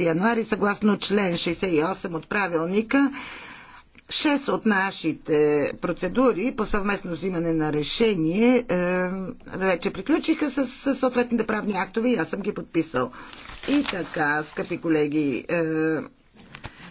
януари, съгласно член 68 от правилника, Шест от нашите процедури по съвместно взимане на решение е, вече приключиха с съответните правни актове и аз съм ги подписал. И така, скъпи колеги, е,